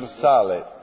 trasversale